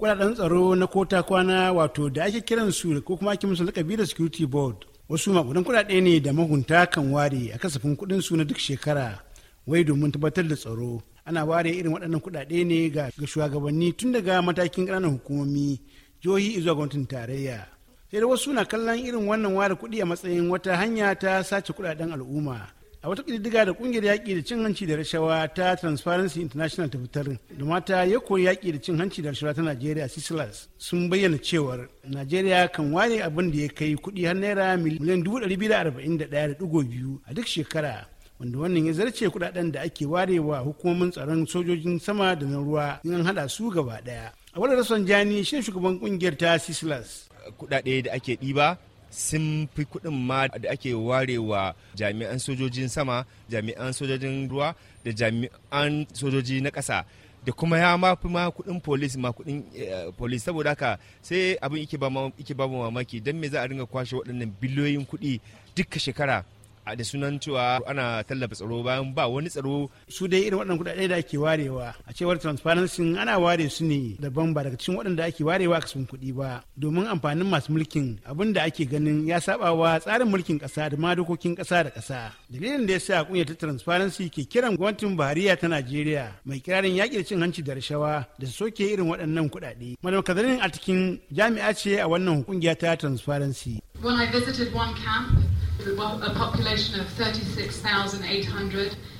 kudaden tsaro na kota kwana wato da ake kiran su ko kuma ake musu lakabi da security board wasu makudan kuɗaɗe ne da mahunta kan ware a kasafin kuɗin su na duk shekara wai domin tabbatar da tsaro ana ware irin waɗannan kuɗaɗe ne ga shugabanni tun daga matakin ƙananan hukumomi jihohi zuwa gwamnatin tarayya sai da wasu na kallon irin wannan ware kuɗi a matsayin wata hanya ta sace kudaden al'umma a wata kididdiga da ƙungiyar yaƙi da cin hanci da rashawa ta transparency international ta fitar da mata ya koyi yaƙi da cin hanci da rashawa ta najeriya sislas sun bayyana cewar najeriya kan ware abin da ya kai kuɗi har naira miliyan dubu ɗari biyu da arba'in da ɗaya da ɗigo biyu a duk shekara wanda wannan ya zarce kuɗaɗen da ake warewa hukumomin tsaron sojojin sama da na ruwa in an haɗa su gaba ɗaya a wadda rasan jani shi shugaban kungiyar ta sislas kuɗaɗe da ake ɗiba sun fi kuɗin ma da ake warewa jami'an sojojin sama jami'an sojojin ruwa da jami'an sojoji na ƙasa da kuma ya ma ma kuɗin polis ma kuɗin eh, polis saboda haka sai abin ike ba mamaki don me za a ringa kwashe waɗannan biliyoyin kuɗi duka shekara a da sunan cewa ana tallafa tsaro bayan ba wani tsaro su dai irin waɗannan kuɗaɗe da ake warewa a cewar transparency ana ware su ne daban ba daga cikin waɗanda ake warewa kasuwan kuɗi ba domin amfanin masu mulkin abin da ake ganin ya saba wa tsarin mulkin ƙasa da ma dokokin ƙasa da ƙasa dalilin da ya sa kunya ta transparency ke kiran gwamnatin bahariya ta najeriya mai kirarin yaƙi da cin hanci da rashawa da su soke irin waɗannan kuɗaɗe madam kazarin a cikin jami'a ce a wannan kungiya ta transparency when i visited one camp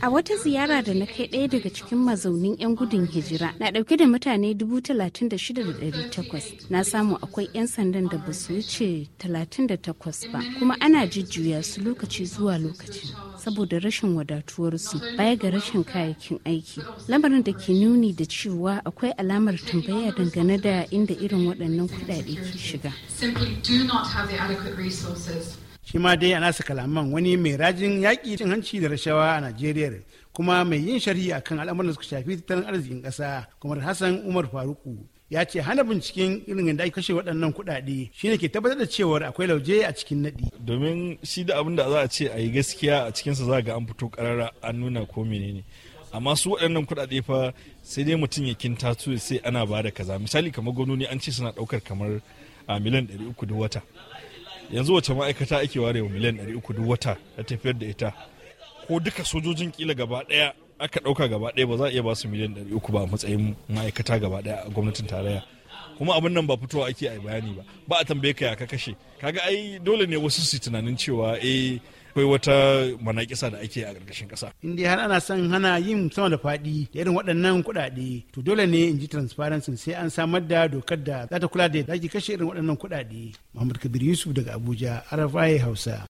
A wata ziyara da na kai ɗaya daga cikin mazaunin 'yan gudun hijira na ɗauke da mutane 36,800 na samu akwai 'yan sandan da ba su wuce 38 ba kuma ana jujjuya su lokaci zuwa lokaci saboda rashin wadatuwarsu baya ga rashin kayayyakin aiki lamarin da ke nuni da cewa akwai alamar tambaya dangane da inda irin waɗannan kuɗaɗe ke shiga. shi ma dai a nasa kalaman wani mai rajin yaƙi cin hanci da rashawa a najeriya kuma mai yin sharhi akan al'amuran da suka shafi tattalin arzikin ƙasa kamar hassan umar faruku ya ce hana binciken irin da ake kashe waɗannan kuɗaɗe shi ne ke tabbatar da cewar akwai lauje a cikin naɗi. domin shi da abin da za a ce a yi gaskiya a cikinsa za ga an fito ƙarara an nuna ko menene amma su waɗannan kuɗaɗe fa sai dai mutum ya kinta su sai ana ba da kaza misali kamar gwamnoni an ce suna ɗaukar kamar a ah, miliyan ɗari uku da wata yanzu wace ma'aikata ake ware wa miliyan 300 duk wata a tafiyar da ita ko duka sojojin kila gaba daya aka dauka gaba daya ba za a iya ba su miliyan 300 ba a matsayin ma'aikata gaba daya a gwamnatin tarayya kuma abin nan ba fitowa ake a bayani ba ba a tambaye ka ya ka kashe kaga ai dole ne wasu su tunanin cewa eh akwai wata manakisa da ake a ƙarƙashin ƙasa. In dai har ana son hana yin sama da faɗi da irin waɗannan kuɗaɗe to dole ne in ji transparency sai an samar da dokar da za ta kula da yadda ake kashe irin waɗannan kuɗaɗe. Muhammad Kabir Yusuf daga Abuja, Arafai Hausa.